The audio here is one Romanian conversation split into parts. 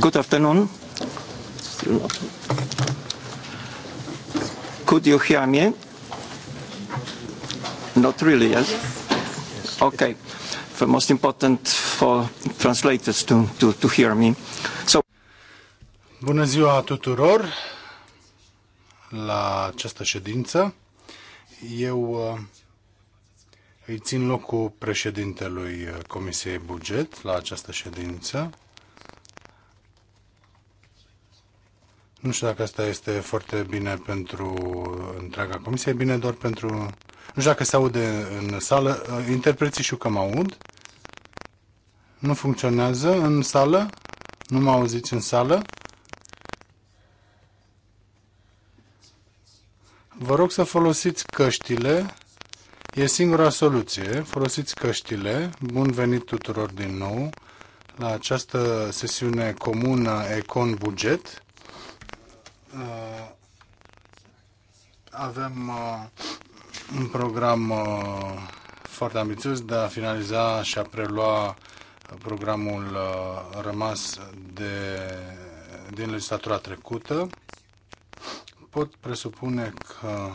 Good afternoon. Could you hear me? Not really, yes? yes. Okay. The most important for translators to, to, to hear me. So... Bună ziua tuturor la această ședință. Eu uh, îi țin locul președintelui Comisiei Buget la această ședință. Nu știu dacă asta este foarte bine pentru întreaga comisie, e bine doar pentru... Nu știu dacă se aude în sală, uh, interpreții știu că mă aud. Nu funcționează în sală? Nu mă auziți în sală? Vă rog să folosiți căștile. E singura soluție. Folosiți căștile. Bun venit tuturor din nou la această sesiune comună Econ Buget. Uh, avem uh, un program uh, foarte ambițios de a finaliza și a prelua programul rămas de, din legislatura trecută. Pot presupune că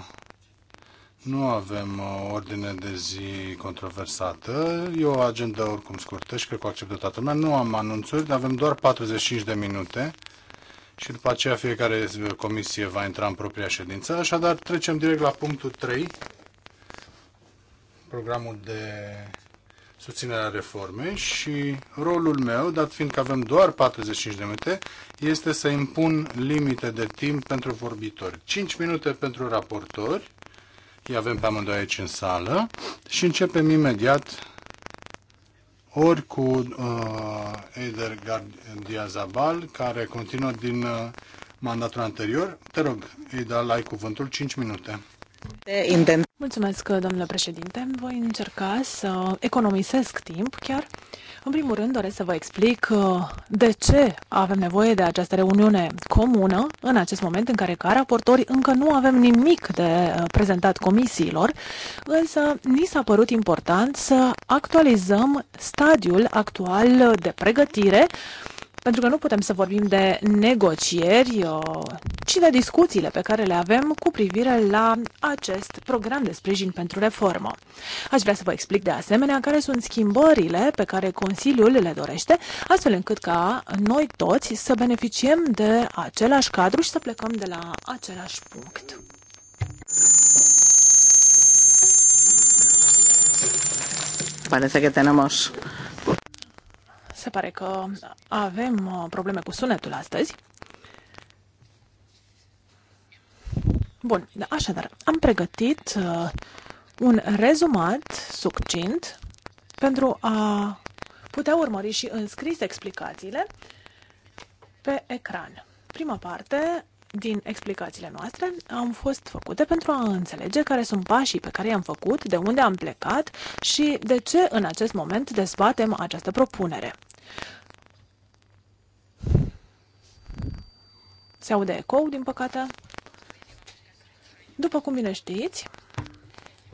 nu avem ordine de zi controversată. E o agenda oricum scurtă și cred că o acceptă toată lumea. Nu am anunțuri, dar avem doar 45 de minute și după aceea fiecare comisie va intra în propria ședință. Așadar, trecem direct la punctul 3, programul de susținerea reformei și rolul meu, dat fiind că avem doar 45 de minute, este să impun limite de timp pentru vorbitori. 5 minute pentru raportori, îi avem pe amândoi aici în sală și începem imediat ori cu uh, Eider Gardiazabal, care continuă din uh, mandatul anterior. Te rog, Eider, ai cuvântul 5 minute. Mulțumesc, domnule președinte. Voi încerca să economisesc timp chiar în primul rând, doresc să vă explic uh, de ce avem nevoie de această reuniune comună în acest moment în care, ca raportori, încă nu avem nimic de uh, prezentat comisiilor, însă ni s-a părut important să actualizăm stadiul actual de pregătire pentru că nu putem să vorbim de negocieri, ci de discuțiile pe care le avem cu privire la acest program de sprijin pentru reformă. Aș vrea să vă explic de asemenea care sunt schimbările pe care Consiliul le dorește, astfel încât ca noi toți să beneficiem de același cadru și să plecăm de la același punct. Parece că tenemos se pare că avem uh, probleme cu sunetul astăzi. Bun, da, așadar, am pregătit uh, un rezumat succint pentru a putea urmări și înscris explicațiile pe ecran. Prima parte din explicațiile noastre am fost făcute pentru a înțelege care sunt pașii pe care i-am făcut, de unde am plecat și de ce în acest moment dezbatem această propunere. Se aude ecou, din păcate. După cum bine știți,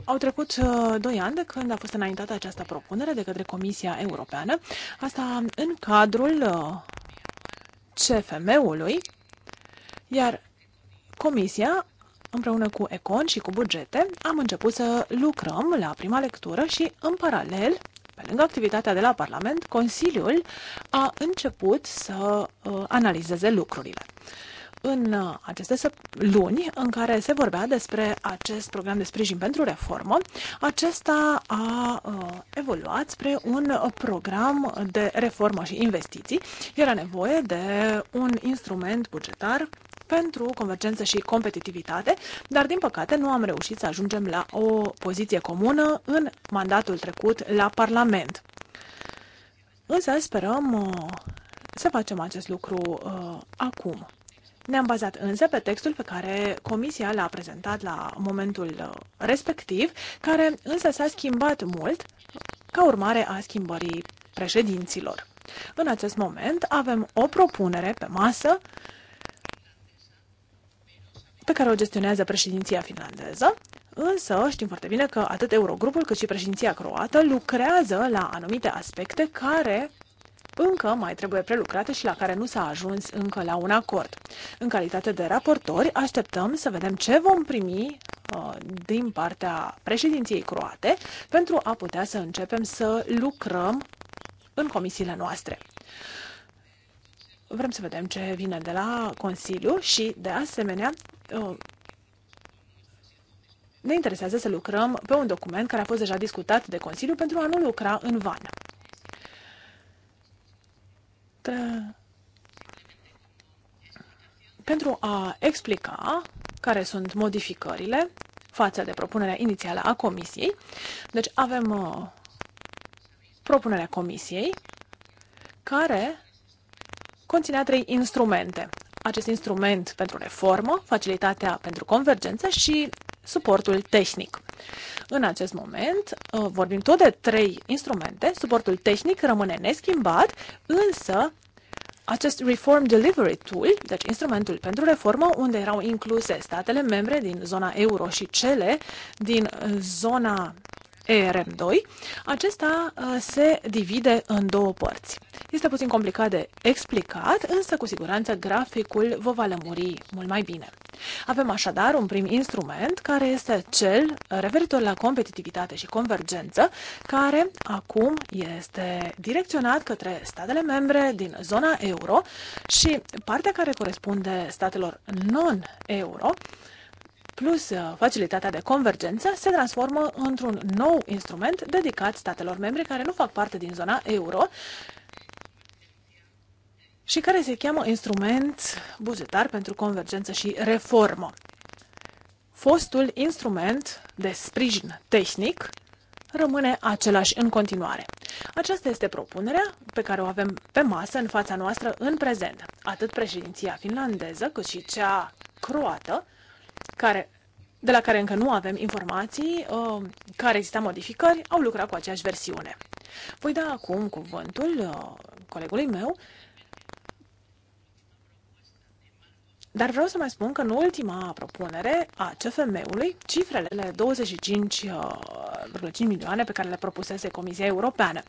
au trecut uh, doi ani de când a fost înaintată această propunere de către Comisia Europeană, asta în cadrul uh, CFM-ului, iar Comisia, împreună cu Econ și cu bugete, am început să lucrăm la prima lectură și, în paralel, pe lângă activitatea de la Parlament, Consiliul a început să uh, analizeze lucrurile în uh, aceste luni în care se vorbea despre acest program de sprijin pentru reformă, acesta a uh, evoluat spre un program de reformă și investiții. Era nevoie de un instrument bugetar pentru convergență și competitivitate, dar din păcate nu am reușit să ajungem la o poziție comună în mandatul trecut la Parlament. Însă sperăm uh, să facem acest lucru uh, acum. Ne-am bazat însă pe textul pe care Comisia l-a prezentat la momentul uh, respectiv, care însă s-a schimbat mult ca urmare a schimbării președinților. În acest moment avem o propunere pe masă pe care o gestionează președinția finlandeză, însă știm foarte bine că atât Eurogrupul cât și președinția croată lucrează la anumite aspecte care încă mai trebuie prelucrate și la care nu s-a ajuns încă la un acord. În calitate de raportori, așteptăm să vedem ce vom primi uh, din partea președinției croate pentru a putea să începem să lucrăm în comisiile noastre vrem să vedem ce vine de la Consiliu și, de asemenea, uh, ne interesează să lucrăm pe un document care a fost deja discutat de Consiliu pentru a nu lucra în vană. Pentru a explica care sunt modificările față de propunerea inițială a Comisiei, deci avem uh, propunerea Comisiei care conținea trei instrumente. Acest instrument pentru reformă, facilitatea pentru convergență și suportul tehnic. În acest moment uh, vorbim tot de trei instrumente. Suportul tehnic rămâne neschimbat, însă acest Reform Delivery Tool, deci instrumentul pentru reformă, unde erau incluse statele membre din zona euro și cele din zona ERM2, acesta uh, se divide în două părți. Este puțin complicat de explicat, însă cu siguranță graficul vă va lămuri mult mai bine. Avem așadar un prim instrument care este cel referitor la competitivitate și convergență, care acum este direcționat către statele membre din zona euro și partea care corespunde statelor non-euro plus uh, facilitatea de convergență se transformă într-un nou instrument dedicat statelor membre care nu fac parte din zona euro și care se cheamă instrument bugetar pentru convergență și reformă. Fostul instrument de sprijin tehnic rămâne același în continuare. Aceasta este propunerea pe care o avem pe masă în fața noastră în prezent. Atât președinția finlandeză cât și cea croată care, de la care încă nu avem informații, uh, care exista modificări, au lucrat cu aceeași versiune. Voi da acum cuvântul uh, colegului meu, Dar vreau să mai spun că în ultima propunere a CFM-ului, cifrele 25,5 uh, milioane pe care le propusese Comisia Europeană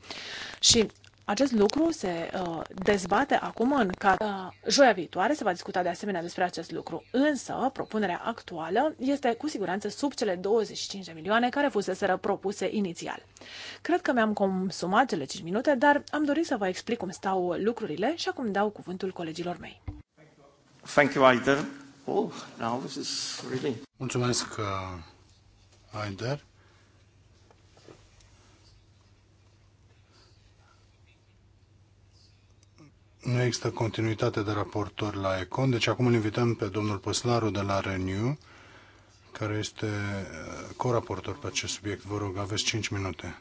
și acest lucru se uh, dezbate acum în cadrul. Uh, joia viitoare se va discuta de asemenea despre acest lucru, însă propunerea actuală este cu siguranță sub cele 25 de milioane care fuseseră propuse inițial. Cred că mi-am consumat cele 5 minute, dar am dorit să vă explic cum stau lucrurile și acum dau cuvântul colegilor mei. Thank you, Aider. Oh, now this is really... Mulțumesc, uh, Aider. Nu există continuitate de raportori la Econ, deci acum îl invităm pe domnul Păslaru de la Renew, care este uh, coraportor pe acest subiect. Vă rog, aveți 5 minute.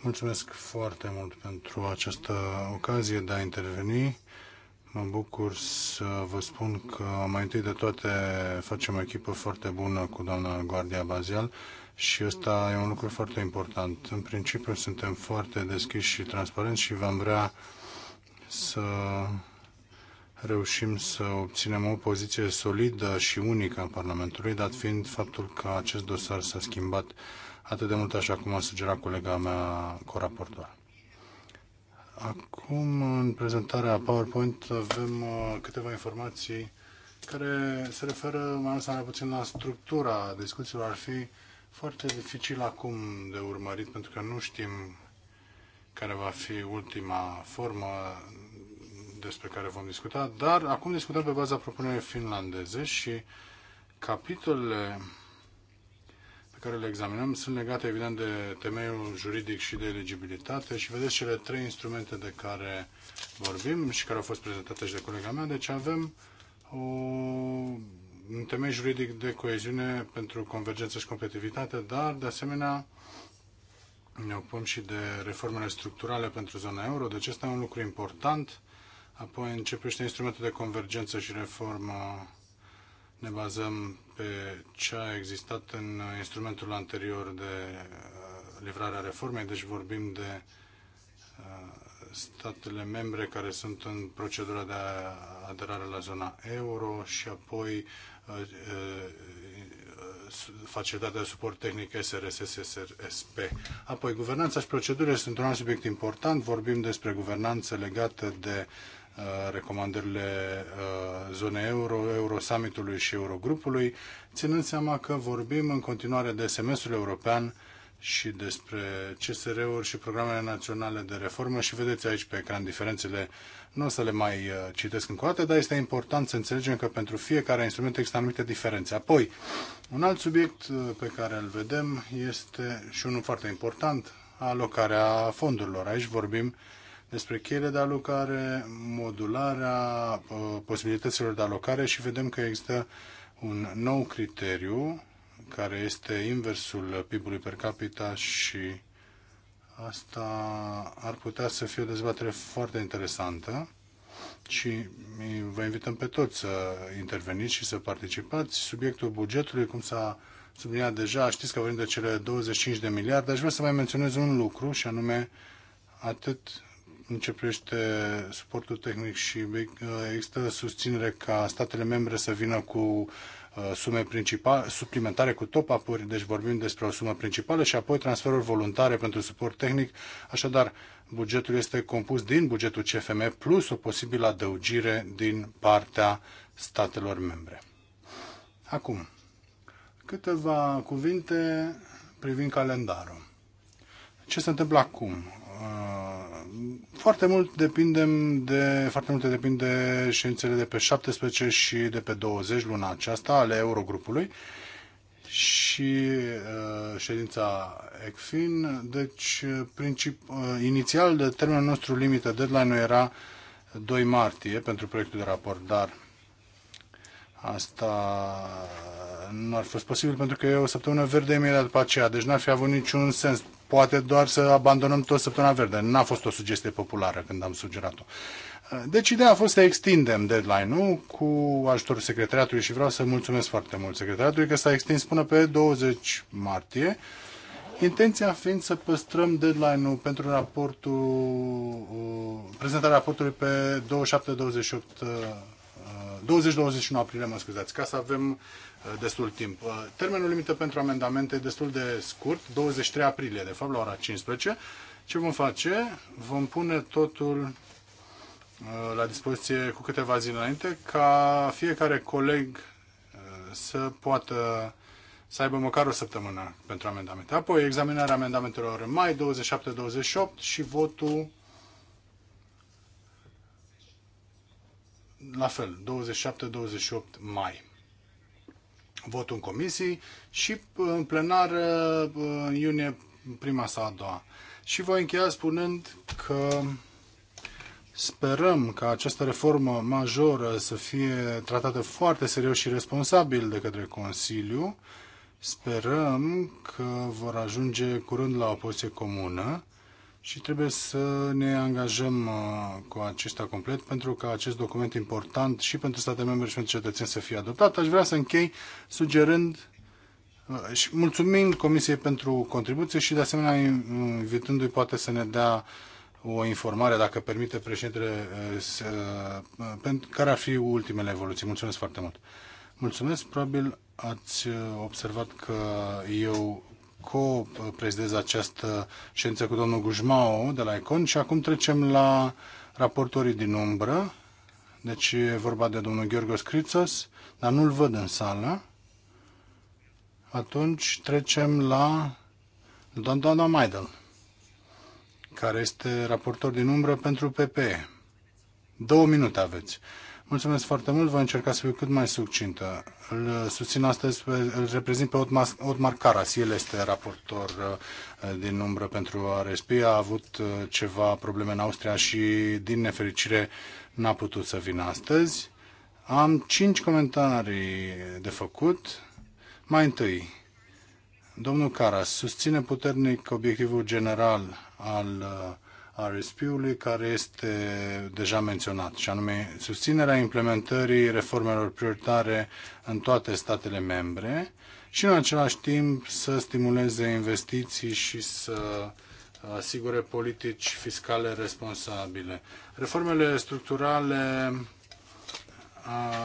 Mulțumesc foarte mult pentru această ocazie de a interveni. Mă bucur să vă spun că mai întâi de toate facem o echipă foarte bună cu doamna Guardia Bazial și ăsta e un lucru foarte important. În principiu suntem foarte deschiși și transparenți și vom vrea să reușim să obținem o poziție solidă și unică a Parlamentului, dat fiind faptul că acest dosar s-a schimbat atât de mult așa cum a sugerat colega mea coraportor. Acum, în prezentarea PowerPoint, avem uh, câteva informații care se referă mai mult sau mai puțin la structura discuțiilor. Ar fi foarte dificil acum de urmărit, pentru că nu știm care va fi ultima formă despre care vom discuta, dar acum discutăm pe baza propunerii finlandeze și capitolele pe care le examinăm sunt legate evident de temeiul juridic și de eligibilitate și vedeți cele trei instrumente de care vorbim și care au fost prezentate și de colega mea, deci avem o, un temei juridic de coeziune pentru convergență și competitivitate, dar de asemenea ne ocupăm și de reformele structurale pentru zona euro, deci acesta e un lucru important. Apoi începește instrumentul de convergență și reformă. Ne bazăm pe ce a existat în instrumentul anterior de uh, livrarea reformei, deci vorbim de uh, statele membre care sunt în procedura de aderare la zona euro și apoi uh, Facilitatea de Suport Tehnic SRS-SRSP. Apoi, guvernanța și procedurile sunt un alt subiect important. Vorbim despre guvernanță legată de uh, recomandările uh, zonei euro, Eurosummitului și Eurogrupului, ținând seama că vorbim în continuare de semestrul european și despre CSR-uri și programele naționale de reformă și vedeți aici pe ecran diferențele. Nu o să le mai uh, citesc încă o dată, dar este important să înțelegem că pentru fiecare instrument există anumite diferențe. Apoi, un alt subiect uh, pe care îl vedem este și unul foarte important, alocarea fondurilor. Aici vorbim despre cheile de alocare, modularea uh, posibilităților de alocare și vedem că există un nou criteriu care este inversul PIB-ului per capita și asta ar putea să fie o dezbatere foarte interesantă și vă invităm pe toți să interveniți și să participați. Subiectul bugetului, cum s-a subliniat deja, știți că vorbim de cele 25 de miliarde. Aș vrea să mai menționez un lucru și anume atât în ce privește suportul tehnic și există susținere ca statele membre să vină cu Uh, sume suplimentare cu top-up-uri, deci vorbim despre o sumă principală și apoi transferuri voluntare pentru suport tehnic. Așadar, bugetul este compus din bugetul CFM plus o posibilă adăugire din partea statelor membre. Acum, câteva cuvinte privind calendarul. Ce se întâmplă acum? Ah, foarte mult depindem de, foarte multe depind de ședințele de pe 17 și de pe 20 luna aceasta ale Eurogrupului și uh, ședința ECFIN. Deci, princip, uh, inițial, de termenul nostru limită, deadline-ul era 2 martie pentru proiectul de raport, dar asta nu ar fi fost posibil pentru că e o săptămână verde imediat după aceea, deci n-ar fi avut niciun sens poate doar să abandonăm tot săptămâna verde. N-a fost o sugestie populară când am sugerat-o. Deci ideea a fost să extindem deadline-ul cu ajutorul secretariatului și vreau să mulțumesc foarte mult secretariatului că s-a extins până pe 20 martie. Intenția fiind să păstrăm deadline-ul pentru raportul, uh, prezentarea raportului pe 27-28 20-21 uh, uh, aprilie, mă scuzați, ca să avem Uh, destul timp. Uh, termenul limită pentru amendamente e destul de scurt, 23 aprilie, de fapt, la ora 15. Ce vom face? Vom pune totul uh, la dispoziție cu câteva zile înainte ca fiecare coleg să poată să aibă măcar o săptămână pentru amendamente. Apoi examinarea amendamentelor în mai 27-28 și votul la fel, 27-28 mai votul în comisii și uh, în plenar uh, în iunie prima sau a doua. Și voi încheia spunând că sperăm ca această reformă majoră să fie tratată foarte serios și responsabil de către Consiliu. Sperăm că vor ajunge curând la o poziție comună și trebuie să ne angajăm uh, cu acesta complet pentru ca acest document important și pentru statele membre și pentru cetățeni să fie adoptat. Aș vrea să închei sugerând uh, și mulțumind Comisiei pentru contribuție și de asemenea invitându-i poate să ne dea o informare, dacă permite președintele, uh, care ar fi ultimele evoluții. Mulțumesc foarte mult! Mulțumesc, probabil ați observat că eu co-prezidez uh, această ședință cu domnul Gujmao de la Econ și acum trecem la raportorii din umbră. Deci e vorba de domnul Gheorghe Scrițos, dar nu-l văd în sală. Atunci trecem la doamna Maidel, care este raportor din umbră pentru PP. Două minute aveți. Mulțumesc foarte mult, voi încerca să fiu cât mai succintă. Îl susțin astăzi, îl reprezint pe Otmar, Otmar Caras, el este raportor uh, din umbră pentru RSP, a avut uh, ceva probleme în Austria și din nefericire n-a putut să vină astăzi. Am cinci comentarii de făcut. Mai întâi, domnul Caras susține puternic obiectivul general al uh, RSP-ului care este deja menționat, și anume susținerea implementării reformelor prioritare în toate statele membre și în același timp să stimuleze investiții și să asigure politici fiscale responsabile. Reformele structurale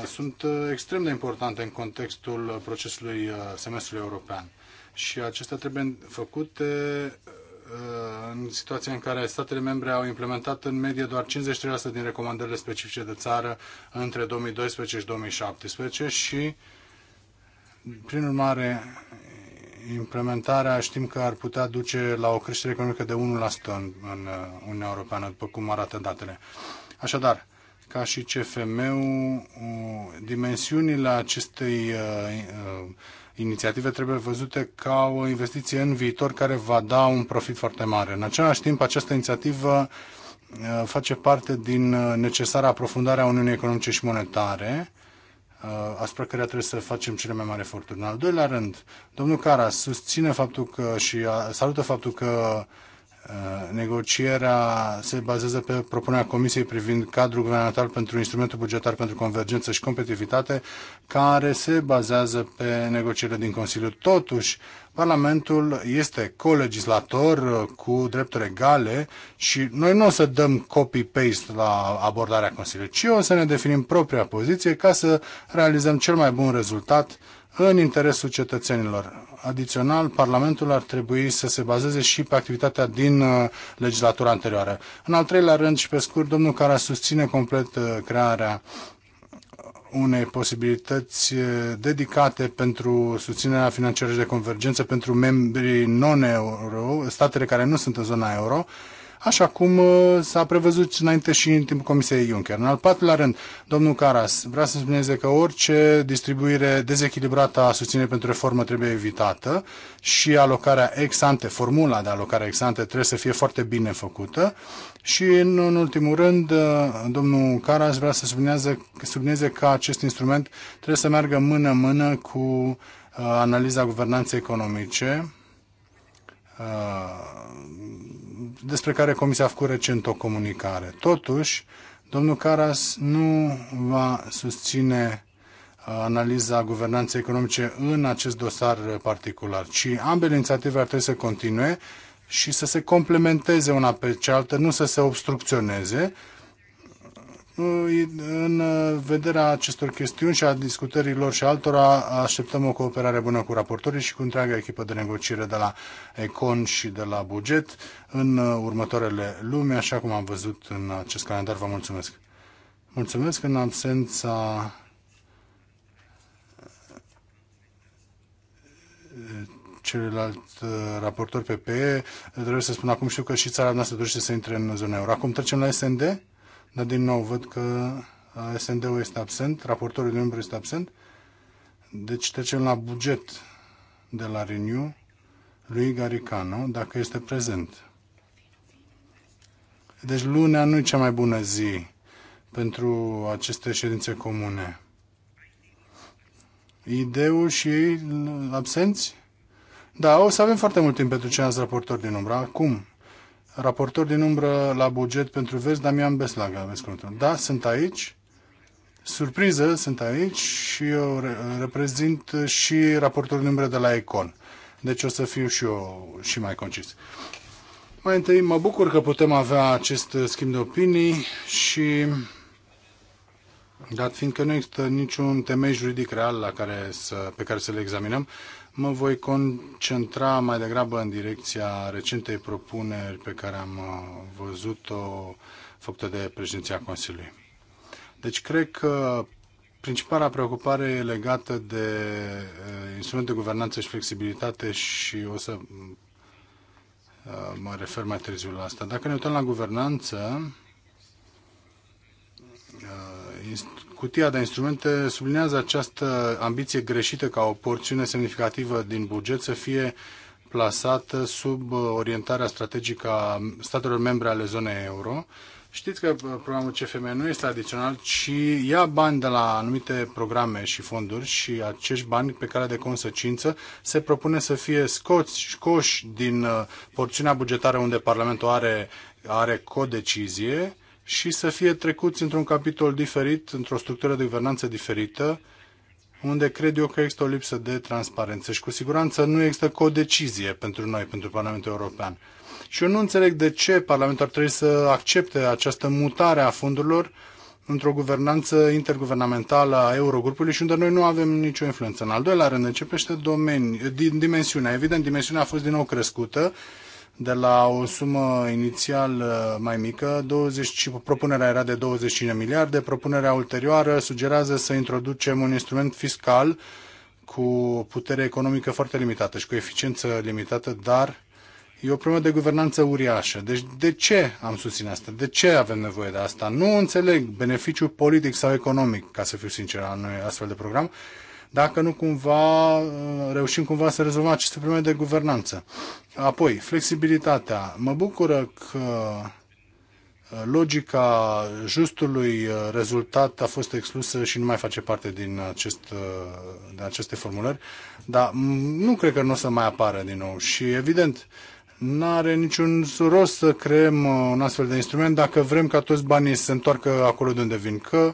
sunt extrem de importante în contextul procesului semestrului european și acestea trebuie făcute Uh, în situația în care statele membre au implementat în medie doar 53% din recomandările specifice de țară între 2012 și 2017 și, prin urmare, implementarea știm că ar putea duce la o creștere economică de 1% în, în uh, Uniunea Europeană, după cum arată datele. Așadar, ca și CFM-ul, dimensiunile acestei uh, uh, inițiative trebuie văzute ca o investiție în viitor care va da un profit foarte mare. În același timp, această inițiativă uh, face parte din uh, necesara aprofundarea Uniunii Economice și Monetare, uh, asupra care trebuie să facem cele mai mari eforturi. În al doilea rând, domnul Cara susține faptul că și salută faptul că Uh, negocierea se bazează pe propunerea Comisiei privind cadrul guvernamental pentru instrumentul bugetar pentru convergență și competitivitate, care se bazează pe negocierile din Consiliu. Totuși, Parlamentul este colegislator uh, cu drepturi egale și noi nu o să dăm copy-paste la abordarea Consiliului, ci o să ne definim propria poziție ca să realizăm cel mai bun rezultat în interesul cetățenilor. Adițional, Parlamentul ar trebui să se bazeze și pe activitatea din uh, legislatura anterioară. În al treilea rând și pe scurt, domnul care susține complet uh, crearea unei posibilități uh, dedicate pentru susținerea financiară și de convergență pentru membrii non-euro, statele care nu sunt în zona euro, așa cum uh, s-a prevăzut înainte și în timpul Comisiei Juncker. În al patrulea rând, domnul Caras, vrea să spuneze că orice distribuire dezechilibrată a susținerii pentru reformă trebuie evitată și alocarea ex ante, formula de alocare ex ante trebuie să fie foarte bine făcută și, în ultimul rând, uh, domnul Caras vrea să sublinieze că acest instrument trebuie să meargă mână-mână cu uh, analiza guvernanței economice, Uh, despre care Comisia a făcut recent o comunicare. Totuși, domnul Caras nu va susține uh, analiza guvernanței economice în acest dosar particular, ci ambele inițiative ar trebui să continue și să se complementeze una pe cealaltă, nu să se obstrucționeze în vederea acestor chestiuni și a discutărilor și altora, așteptăm o cooperare bună cu raportorii și cu întreaga echipă de negociere de la Econ și de la buget în următoarele luni, așa cum am văzut în acest calendar. Vă mulțumesc! Mulțumesc în absența eh, celălalt eh, raportor PPE. Trebuie să spun acum, știu că și țara noastră dorește să intre în zona euro. Acum trecem la SND. Dar din nou văd că uh, SND-ul este absent, raportorul de membru este absent. Deci trecem la buget de la Renew, lui Garicano, dacă este prezent. Deci lunea nu e cea mai bună zi pentru aceste ședințe comune. Ideu și ei absenți? Da, o să avem foarte mult timp pentru ceilalți raportori din umbra. Acum, Raportor din umbră la buget pentru vest, Damian Beslaga, aveți cuvântul. Da, sunt aici. Surpriză, sunt aici și eu reprezint și raportorul din umbră de la Econ. Deci o să fiu și eu și mai concis. Mai întâi, mă bucur că putem avea acest schimb de opinii și dat fiindcă nu există niciun temei juridic real la care să, pe care să le examinăm, Mă voi concentra mai degrabă în direcția recentei propuneri pe care am uh, văzut-o făcută de președinția Consiliului. Deci cred că principala preocupare e legată de uh, instrumente de guvernanță și flexibilitate și o să uh, mă refer mai târziu la asta. Dacă ne uităm la guvernanță, cutia de instrumente sublinează această ambiție greșită ca o porțiune semnificativă din buget să fie plasată sub orientarea strategică a statelor membre ale zonei euro. Știți că programul CFM nu este adițional, ci ia bani de la anumite programe și fonduri și acești bani pe care de consecință se propune să fie scoți, scoși din uh, porțiunea bugetară unde Parlamentul are, are codecizie și să fie trecuți într-un capitol diferit, într-o structură de guvernanță diferită, unde cred eu că există o lipsă de transparență și cu siguranță nu există codecizie pentru noi, pentru Parlamentul European. Și eu nu înțeleg de ce Parlamentul ar trebui să accepte această mutare a fondurilor într-o guvernanță interguvernamentală a Eurogrupului și unde noi nu avem nicio influență. În al doilea rând, începește domeni, din dimensiunea. Evident, dimensiunea a fost din nou crescută de la o sumă inițial uh, mai mică, 20, propunerea era de 25 miliarde, propunerea ulterioară sugerează să introducem un instrument fiscal cu putere economică foarte limitată și cu eficiență limitată, dar e o problemă de guvernanță uriașă. Deci de ce am susținut asta? De ce avem nevoie de asta? Nu înțeleg beneficiul politic sau economic, ca să fiu sincer, al unui astfel de program, dacă nu cumva uh, reușim cumva să rezolvăm aceste probleme de guvernanță. Apoi, flexibilitatea. Mă bucură că uh, logica justului uh, rezultat a fost exclusă și nu mai face parte din, acest, din aceste formulări, dar nu cred că nu o să mai apară din nou și evident nu are niciun rost să creăm un astfel de instrument dacă vrem ca toți banii să se întoarcă acolo de unde vin, că uh,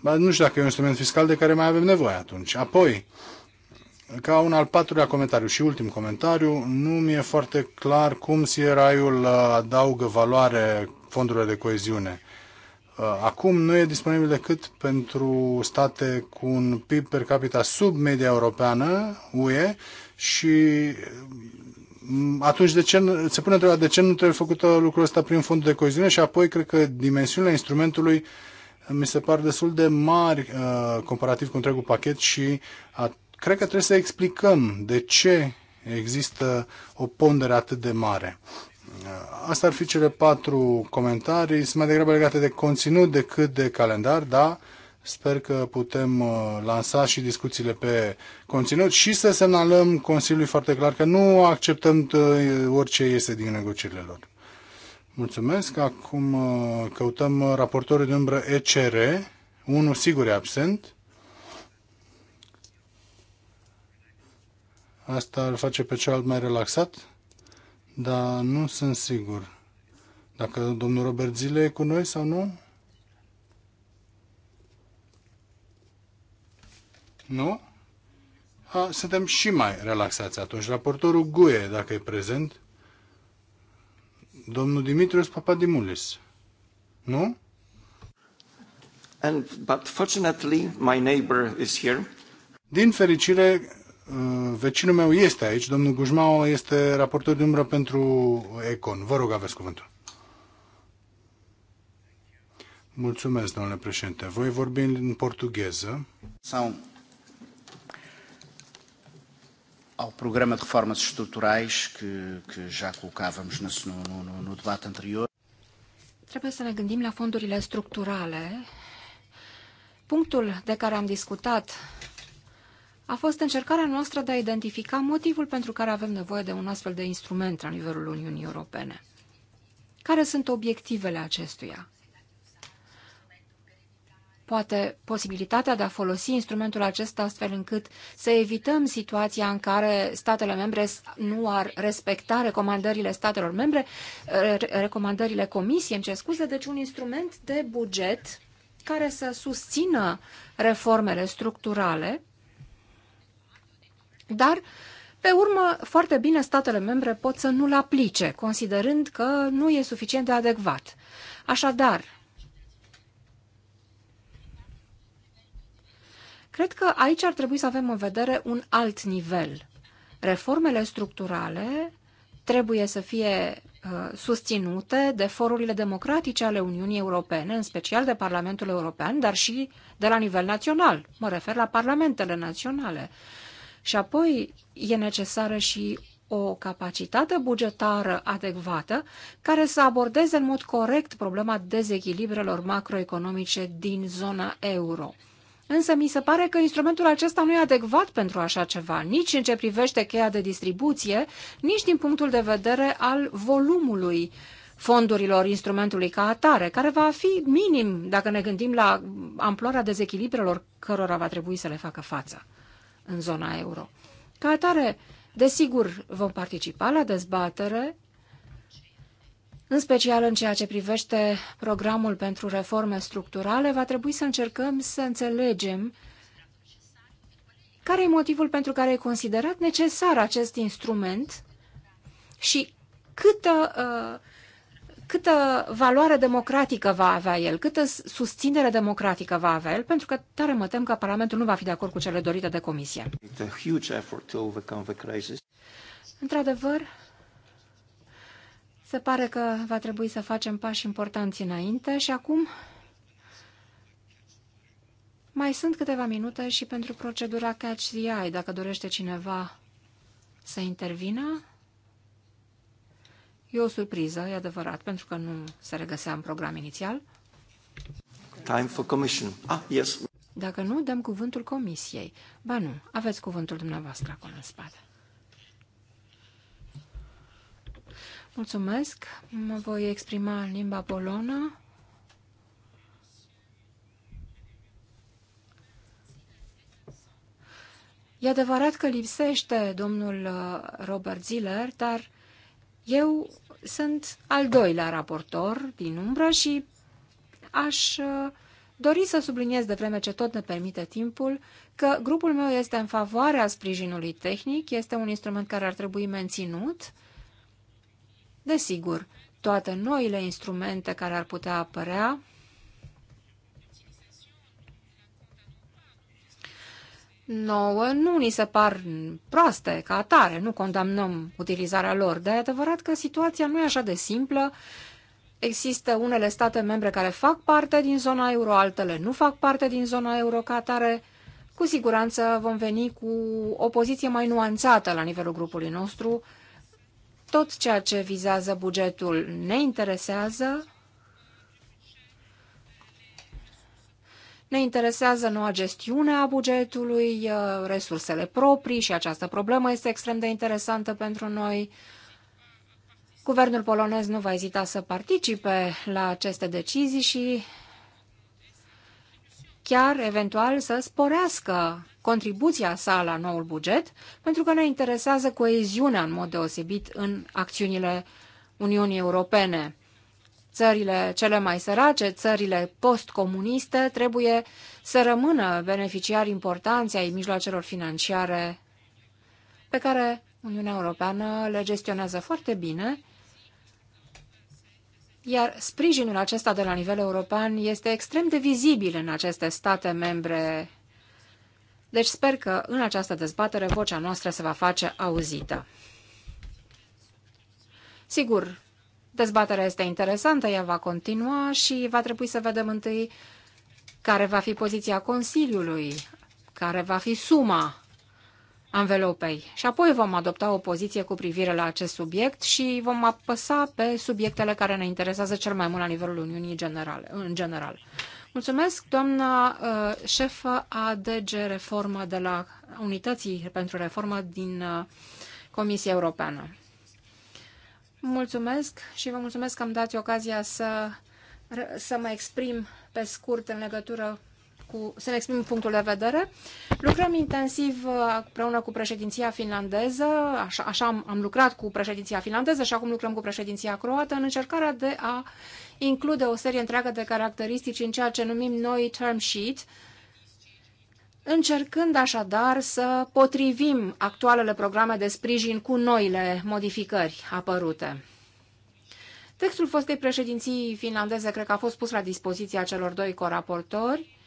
nu știu dacă e un instrument fiscal de care mai avem nevoie atunci. Apoi, ca un al patrulea comentariu și ultim comentariu, nu mi-e foarte clar cum CRI-ul uh, adaugă valoare fondurilor de coeziune. Uh, acum nu e disponibil decât pentru state cu un PIB per capita sub media europeană, UE, și mm, atunci de ce, se pune întrebarea de ce nu trebuie făcută lucrul ăsta prin fondul de coeziune și apoi cred că dimensiunea instrumentului uh, mi se par destul de mari uh, comparativ cu întregul pachet și a, cred că trebuie să explicăm de ce există o pondere atât de mare. Uh, Asta ar fi cele patru comentarii, sunt mai degrabă legate de conținut decât de calendar, da? Sper că putem uh, lansa și discuțiile pe conținut și să semnalăm Consiliului foarte clar că nu acceptăm uh, orice iese din negocierile lor. Mulțumesc. Acum uh, căutăm uh, raportorul de umbră ECR. Unul sigur e absent. Asta îl face pe celălalt mai relaxat, dar nu sunt sigur dacă domnul Robert Zile e cu noi sau nu. Nu? A, suntem și mai relaxați atunci. Raportorul Guie, dacă e prezent. Domnul Dimitrios Papadimulis. Nu? And, but fortunately, my neighbor is here. Din fericire, uh, vecinul meu este aici. Domnul Gujmao este raportor de umbră pentru Econ. Vă rog, aveți cuvântul. Mulțumesc, domnule președinte. Voi vorbi în portugheză. Sau ao programa de reformas estruturais que, que já colocávamos no, no, no debate anterior. Trebuie să ne gândim la fondurile structurale. Punctul de care am discutat a fost încercarea noastră de a identifica motivul pentru care avem nevoie de un astfel de instrument la nivelul Uniunii Europene. Care sunt obiectivele acestuia? poate posibilitatea de a folosi instrumentul acesta astfel încât să evităm situația în care statele membre nu ar respecta recomandările statelor membre, recomandările comisiei, în cer scuze, deci un instrument de buget care să susțină reformele structurale, dar pe urmă, foarte bine statele membre pot să nu-l aplice, considerând că nu e suficient de adecvat. Așadar, Cred că aici ar trebui să avem în vedere un alt nivel. Reformele structurale trebuie să fie uh, susținute de forurile democratice ale Uniunii Europene, în special de Parlamentul European, dar și de la nivel național. Mă refer la parlamentele naționale. Și apoi e necesară și o capacitate bugetară adecvată care să abordeze în mod corect problema dezechilibrelor macroeconomice din zona euro. Însă mi se pare că instrumentul acesta nu e adecvat pentru așa ceva, nici în ce privește cheia de distribuție, nici din punctul de vedere al volumului fondurilor instrumentului ca atare, care va fi minim dacă ne gândim la amploarea dezechilibrelor cărora va trebui să le facă față în zona euro. Ca atare, desigur, vom participa la dezbatere în special în ceea ce privește programul pentru reforme structurale, va trebui să încercăm să înțelegem care e motivul pentru care e considerat necesar acest instrument și câtă, uh, câtă valoare democratică va avea el, câtă susținere democratică va avea el, pentru că tare mă tem că Parlamentul nu va fi de acord cu cele dorite de Comisie. Într-adevăr, se pare că va trebui să facem pași importanți înainte și acum mai sunt câteva minute și pentru procedura Catch the Eye, dacă dorește cineva să intervină. E o surpriză, e adevărat, pentru că nu se regăsea în program inițial. Time for commission. Ah, yes. Dacă nu, dăm cuvântul comisiei. Ba nu, aveți cuvântul dumneavoastră acolo în spate. Mulțumesc. Mă voi exprima în limba polonă. E adevărat că lipsește domnul uh, Robert Ziller, dar eu sunt al doilea raportor din umbră și aș uh, dori să subliniez de vreme ce tot ne permite timpul că grupul meu este în favoarea sprijinului tehnic, este un instrument care ar trebui menținut, Desigur, toate noile instrumente care ar putea apărea nouă nu ni se par proaste ca atare, nu condamnăm utilizarea lor, dar e adevărat că situația nu e așa de simplă. Există unele state membre care fac parte din zona euro, altele nu fac parte din zona euro ca atare. Cu siguranță vom veni cu o poziție mai nuanțată la nivelul grupului nostru, tot ceea ce vizează bugetul ne interesează. Ne interesează noua gestiune a bugetului, uh, resursele proprii și această problemă este extrem de interesantă pentru noi. Guvernul polonez nu va ezita să participe la aceste decizii și chiar eventual să sporească contribuția sa la noul buget, pentru că ne interesează coeziunea în mod deosebit în acțiunile Uniunii Europene. Țările cele mai sărace, țările postcomuniste, trebuie să rămână beneficiari importanți ai mijloacelor financiare pe care Uniunea Europeană le gestionează foarte bine, iar sprijinul acesta de la nivel european este extrem de vizibil în aceste state membre deci sper că în această dezbatere vocea noastră se va face auzită. Sigur, dezbaterea este interesantă, ea va continua și va trebui să vedem întâi care va fi poziția Consiliului, care va fi suma anvelopei. Și apoi vom adopta o poziție cu privire la acest subiect și vom apăsa pe subiectele care ne interesează cel mai mult la nivelul Uniunii generale, în general. Mulțumesc, doamna uh, șefă a DG Reformă de la Unității pentru Reformă din uh, Comisia Europeană. Mulțumesc și vă mulțumesc că am dat ocazia să, să mă exprim pe scurt în legătură cu, să-mi exprim punctul de vedere. Lucrăm intensiv uh, împreună cu președinția finlandeză, așa, așa am, am lucrat cu președinția finlandeză și acum lucrăm cu președinția croată în încercarea de a uh, include o serie întreagă de caracteristici în ceea ce numim noi term sheet, încercând așadar să potrivim actualele programe de sprijin cu noile modificări apărute. Textul fostei președinții finlandeze cred că a fost pus la dispoziția celor doi coraportori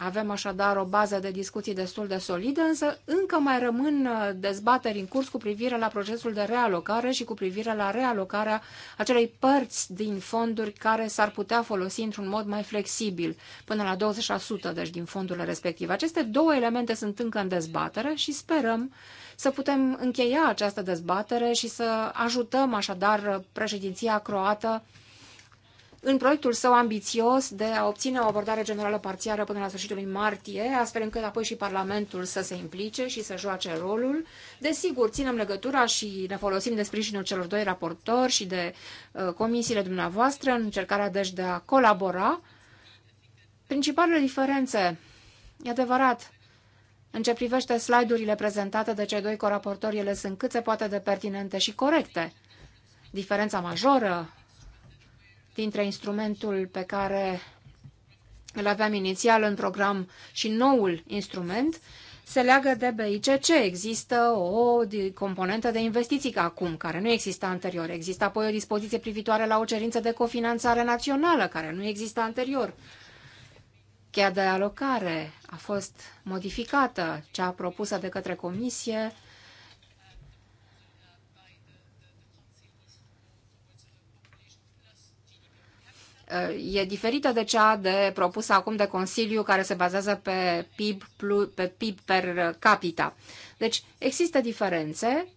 avem așadar o bază de discuții destul de solidă, însă încă mai rămân uh, dezbateri în curs cu privire la procesul de realocare și cu privire la realocarea acelei părți din fonduri care s-ar putea folosi într-un mod mai flexibil, până la 20% deci din fondurile respective. Aceste două elemente sunt încă în dezbatere și sperăm să putem încheia această dezbatere și să ajutăm așadar președinția croată în proiectul său ambițios de a obține o abordare generală parțială până la sfârșitul lui martie, astfel încât apoi și Parlamentul să se implice și să joace rolul. Desigur, ținem legătura și ne folosim de sprijinul celor doi raportori și de uh, comisiile dumneavoastră în încercarea deci de a colabora. Principalele diferențe, e adevărat, în ce privește slide-urile prezentate de cei doi coraportori, ele sunt cât se poate de pertinente și corecte. Diferența majoră dintre instrumentul pe care îl aveam inițial în program și noul instrument, se leagă de BICC. Există o componentă de investiții acum, care nu exista anterior. Există apoi o dispoziție privitoare la o cerință de cofinanțare națională, care nu exista anterior. Cheia de alocare a fost modificată, cea propusă de către Comisie, Uh, e diferită de cea de propusă acum de Consiliu, care se bazează pe PIB, pe PIB per capita. Deci există diferențe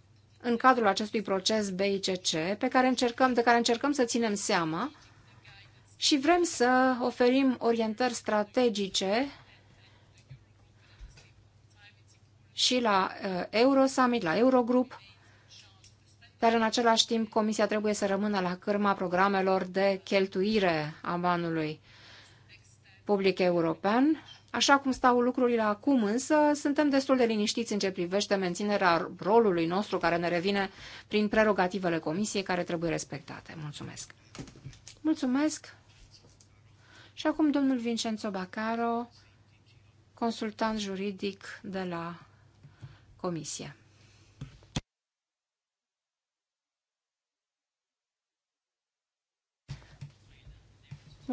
în cadrul acestui proces BICC pe care încercăm, de care încercăm să ținem seama și vrem să oferim orientări strategice și la uh, Eurosummit, la Eurogrup, dar în același timp Comisia trebuie să rămână la cârma programelor de cheltuire a banului public european. Așa cum stau lucrurile acum, însă, suntem destul de liniștiți în ce privește menținerea rolului nostru care ne revine prin prerogativele Comisiei care trebuie respectate. Mulțumesc! Mulțumesc! Și acum domnul Vincenzo Bacaro, consultant juridic de la Comisie.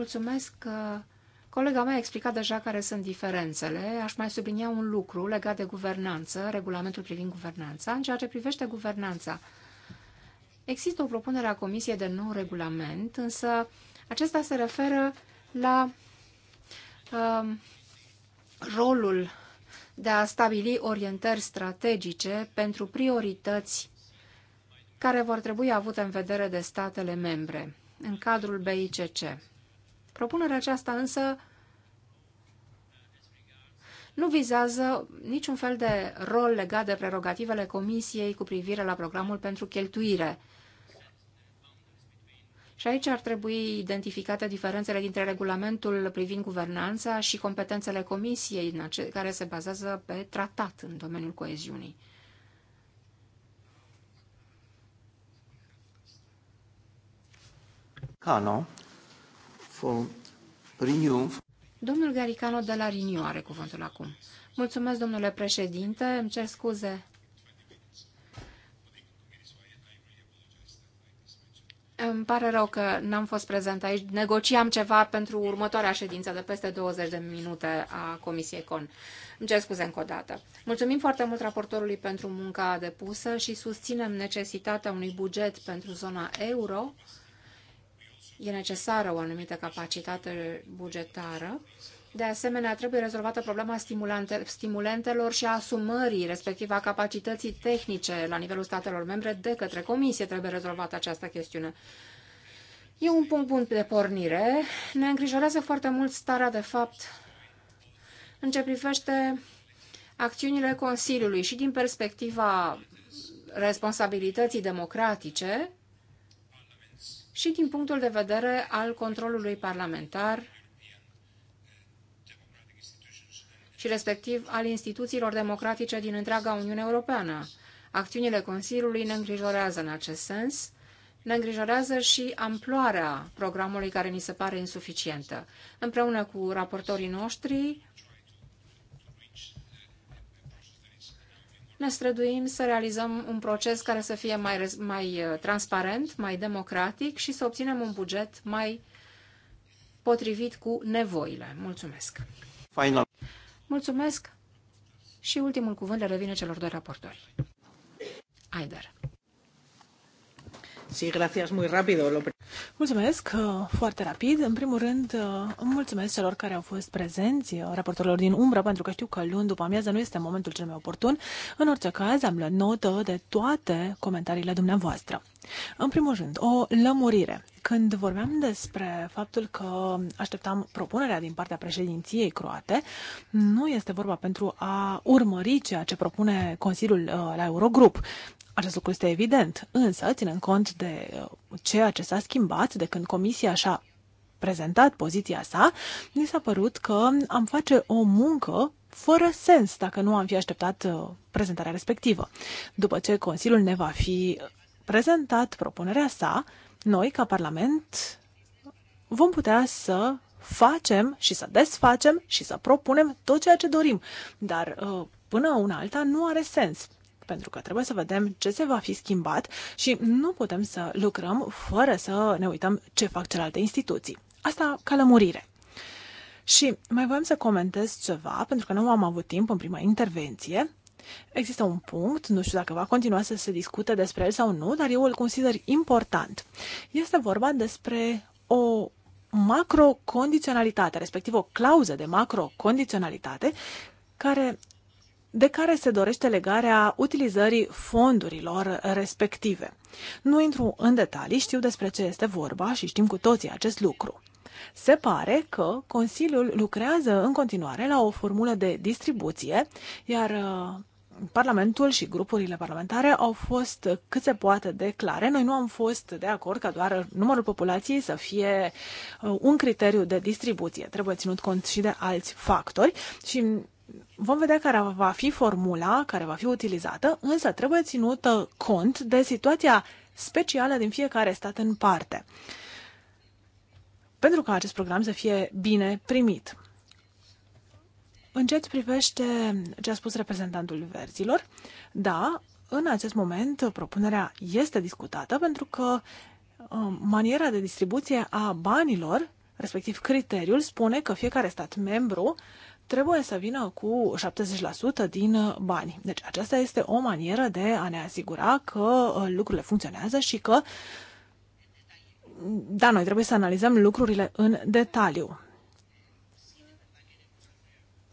Mulțumesc că colega mea a explicat deja care sunt diferențele. Aș mai sublinia un lucru legat de guvernanță, regulamentul privind guvernanța. În ceea ce privește guvernanța, există o propunere a Comisiei de nou regulament, însă acesta se referă la uh, rolul de a stabili orientări strategice pentru priorități care vor trebui avute în vedere de statele membre în cadrul BICC. Propunerea aceasta însă nu vizează niciun fel de rol legat de prerogativele Comisiei cu privire la programul pentru cheltuire. Și aici ar trebui identificate diferențele dintre regulamentul privind guvernanța și competențele Comisiei, care se bazează pe tratat în domeniul coeziunii. Cano, for Renew. Domnul Garicano de la Renew are cuvântul acum. Mulțumesc, domnule președinte. Îmi cer scuze. Îmi pare rău că n-am fost prezent aici. Negociam ceva pentru următoarea ședință de peste 20 de minute a Comisiei CON. Îmi cer scuze încă o dată. Mulțumim foarte mult raportorului pentru munca depusă și susținem necesitatea unui buget pentru zona euro e necesară o anumită capacitate bugetară. De asemenea, trebuie rezolvată problema stimulentelor și a asumării, respectiv a capacității tehnice la nivelul statelor membre de către Comisie. Trebuie rezolvată această chestiune. E un punct bun de pornire. Ne îngrijorează foarte mult starea de fapt în ce privește acțiunile Consiliului și din perspectiva responsabilității democratice, și din punctul de vedere al controlului parlamentar și respectiv al instituțiilor democratice din întreaga Uniune Europeană. Acțiunile Consiliului ne îngrijorează în acest sens, ne îngrijorează și amploarea programului care ni se pare insuficientă. Împreună cu raportorii noștri, ne străduim să realizăm un proces care să fie mai, mai uh, transparent, mai democratic și să obținem un buget mai potrivit cu nevoile. Mulțumesc! Final. Mulțumesc și ultimul cuvânt le revine celor doi raportori. Aider. Sí, gracias, muy rápido. Mulțumesc uh, foarte rapid. În primul rând, uh, mulțumesc celor care au fost prezenți, uh, raportorilor din umbră, pentru că știu că luni după amiază nu este momentul cel mai oportun. În orice caz, am luat notă de toate comentariile dumneavoastră. În primul rând, o lămurire. Când vorbeam despre faptul că așteptam propunerea din partea președinției croate, nu este vorba pentru a urmări ceea ce propune Consiliul la Eurogrup. Acest lucru este evident, însă, ținând cont de uh, ceea ce s-a schimbat de când Comisia și-a prezentat poziția sa, mi s-a părut că am face o muncă fără sens dacă nu am fi așteptat uh, prezentarea respectivă. După ce Consiliul ne va fi prezentat propunerea sa, noi, ca Parlament, vom putea să facem și să desfacem și să propunem tot ceea ce dorim. Dar uh, până una alta nu are sens pentru că trebuie să vedem ce se va fi schimbat și nu putem să lucrăm fără să ne uităm ce fac celelalte instituții. Asta ca lămurire. Și mai voiam să comentez ceva, pentru că nu am avut timp în prima intervenție. Există un punct, nu știu dacă va continua să se discute despre el sau nu, dar eu îl consider important. Este vorba despre o macrocondiționalitate, respectiv o clauză de macrocondiționalitate, care de care se dorește legarea utilizării fondurilor respective. Nu intru în detalii, știu despre ce este vorba și știm cu toții acest lucru. Se pare că Consiliul lucrează în continuare la o formulă de distribuție, iar uh, Parlamentul și grupurile parlamentare au fost cât se poate de clare. Noi nu am fost de acord ca doar numărul populației să fie uh, un criteriu de distribuție. Trebuie ținut cont și de alți factori și vom vedea care va fi formula care va fi utilizată, însă trebuie ținută uh, cont de situația specială din fiecare stat în parte, pentru ca acest program să fie bine primit. În ce privește ce a spus reprezentantul verzilor, da, în acest moment propunerea este discutată pentru că uh, maniera de distribuție a banilor, respectiv criteriul, spune că fiecare stat membru trebuie să vină cu 70% din uh, bani. Deci aceasta este o manieră de a ne asigura că uh, lucrurile funcționează și că da, noi trebuie să analizăm lucrurile în detaliu.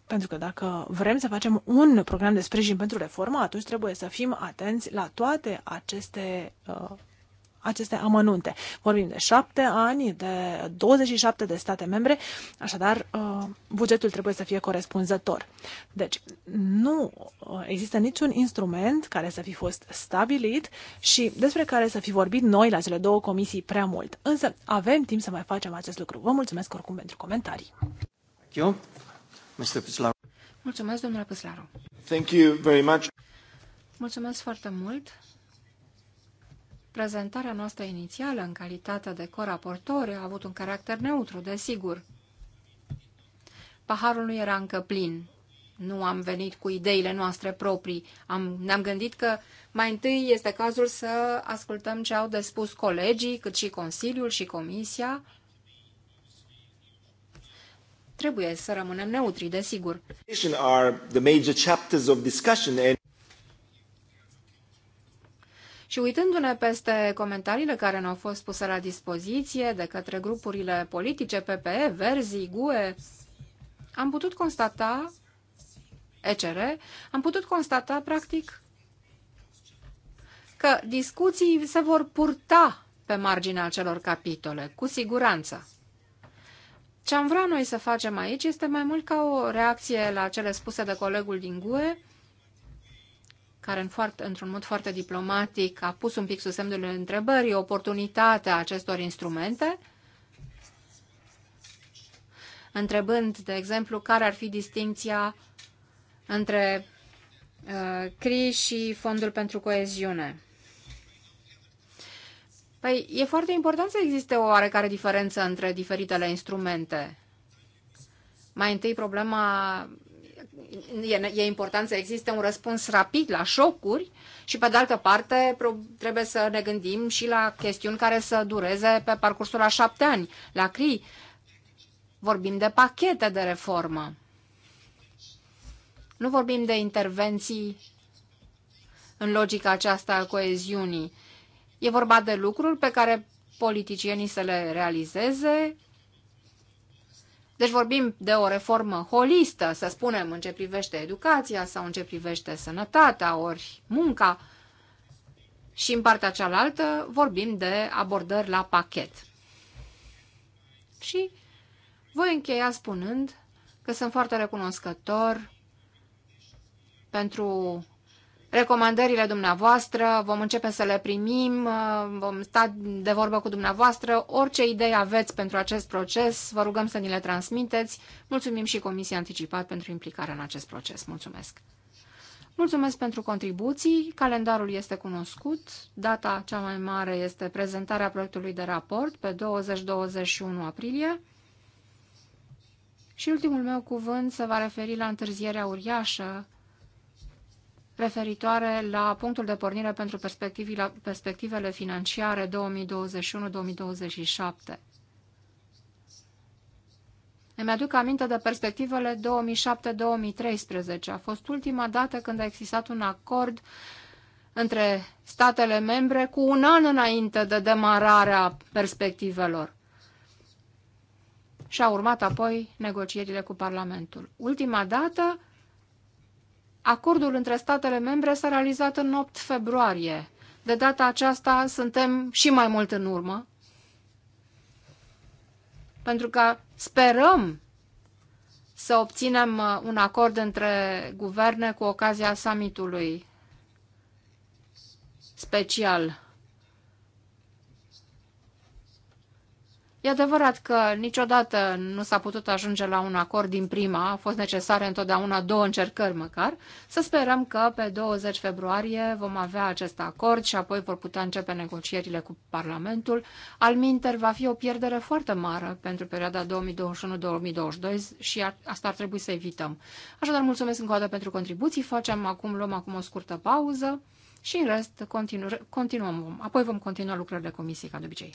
Pentru că dacă vrem să facem un program de sprijin pentru reformă, atunci trebuie să fim atenți la toate aceste uh, aceste amănunte. Vorbim de șapte ani, de 27 de state membre, așadar uh, bugetul trebuie să fie corespunzător. Deci nu uh, există niciun instrument care să fi fost stabilit și despre care să fi vorbit noi la cele două comisii prea mult. Însă avem timp să mai facem acest lucru. Vă mulțumesc oricum pentru comentarii. Mulțumesc, domnule Păslaru. Thank you very much. Mulțumesc foarte mult. Prezentarea noastră inițială, în calitate de coraportor, a avut un caracter neutru, desigur. Paharul nu era încă plin. Nu am venit cu ideile noastre proprii. Am, ne-am gândit că mai întâi este cazul să ascultăm ce au de spus colegii, cât și Consiliul și Comisia. Trebuie să rămânem neutri, desigur. Și uitându-ne peste comentariile care ne-au fost puse la dispoziție de către grupurile politice, PPE, Verzi, GUE, am putut constata, ECR, am putut constata, practic, că discuții se vor purta pe marginea celor capitole, cu siguranță. Ce am vrea noi să facem aici este mai mult ca o reacție la cele spuse de colegul din GUE, care în foarte, într-un mod foarte diplomatic a pus un pic sub semnul întrebării oportunitatea acestor instrumente, întrebând, de exemplu, care ar fi distinția între uh, CRI și Fondul pentru Coeziune. Păi, e foarte important să existe o oarecare diferență între diferitele instrumente. Mai întâi, problema e, e important să existe un răspuns rapid la șocuri și, pe de altă parte, trebuie să ne gândim și la chestiuni care să dureze pe parcursul a șapte ani. La CRI vorbim de pachete de reformă. Nu vorbim de intervenții în logica aceasta a coeziunii. E vorba de lucruri pe care politicienii să le realizeze deci vorbim de o reformă holistă, să spunem, în ce privește educația sau în ce privește sănătatea, ori munca. Și în partea cealaltă vorbim de abordări la pachet. Și voi încheia spunând că sunt foarte recunoscător pentru recomandările dumneavoastră, vom începe să le primim, uh, vom sta de vorbă cu dumneavoastră. Orice idei aveți pentru acest proces, vă rugăm să ni le transmiteți. Mulțumim și Comisia Anticipat pentru implicarea în acest proces. Mulțumesc! Mulțumesc pentru contribuții, calendarul este cunoscut, data cea mai mare este prezentarea proiectului de raport pe 20-21 aprilie și ultimul meu cuvânt se va referi la întârzierea uriașă referitoare la punctul de pornire pentru perspectivele financiare 2021-2027. Îmi aduc aminte de perspectivele 2007-2013. A fost ultima dată când a existat un acord între statele membre cu un an înainte de demararea perspectivelor. Și a urmat apoi negocierile cu Parlamentul. Ultima dată Acordul între statele membre s-a realizat în 8 februarie. De data aceasta suntem și mai mult în urmă, pentru că sperăm să obținem uh, un acord între guverne cu ocazia summitului special E adevărat că niciodată nu s-a putut ajunge la un acord din prima, a fost necesare întotdeauna două încercări măcar. Să sperăm că pe 20 februarie vom avea acest acord și apoi vor putea începe negocierile cu Parlamentul. Alminter va fi o pierdere foarte mare pentru perioada 2021-2022 și asta ar trebui să evităm. Așadar, mulțumesc încă o dată pentru contribuții. Facem acum, luăm acum o scurtă pauză și în rest continu- continuăm. Apoi vom continua lucrările comisiei ca de obicei.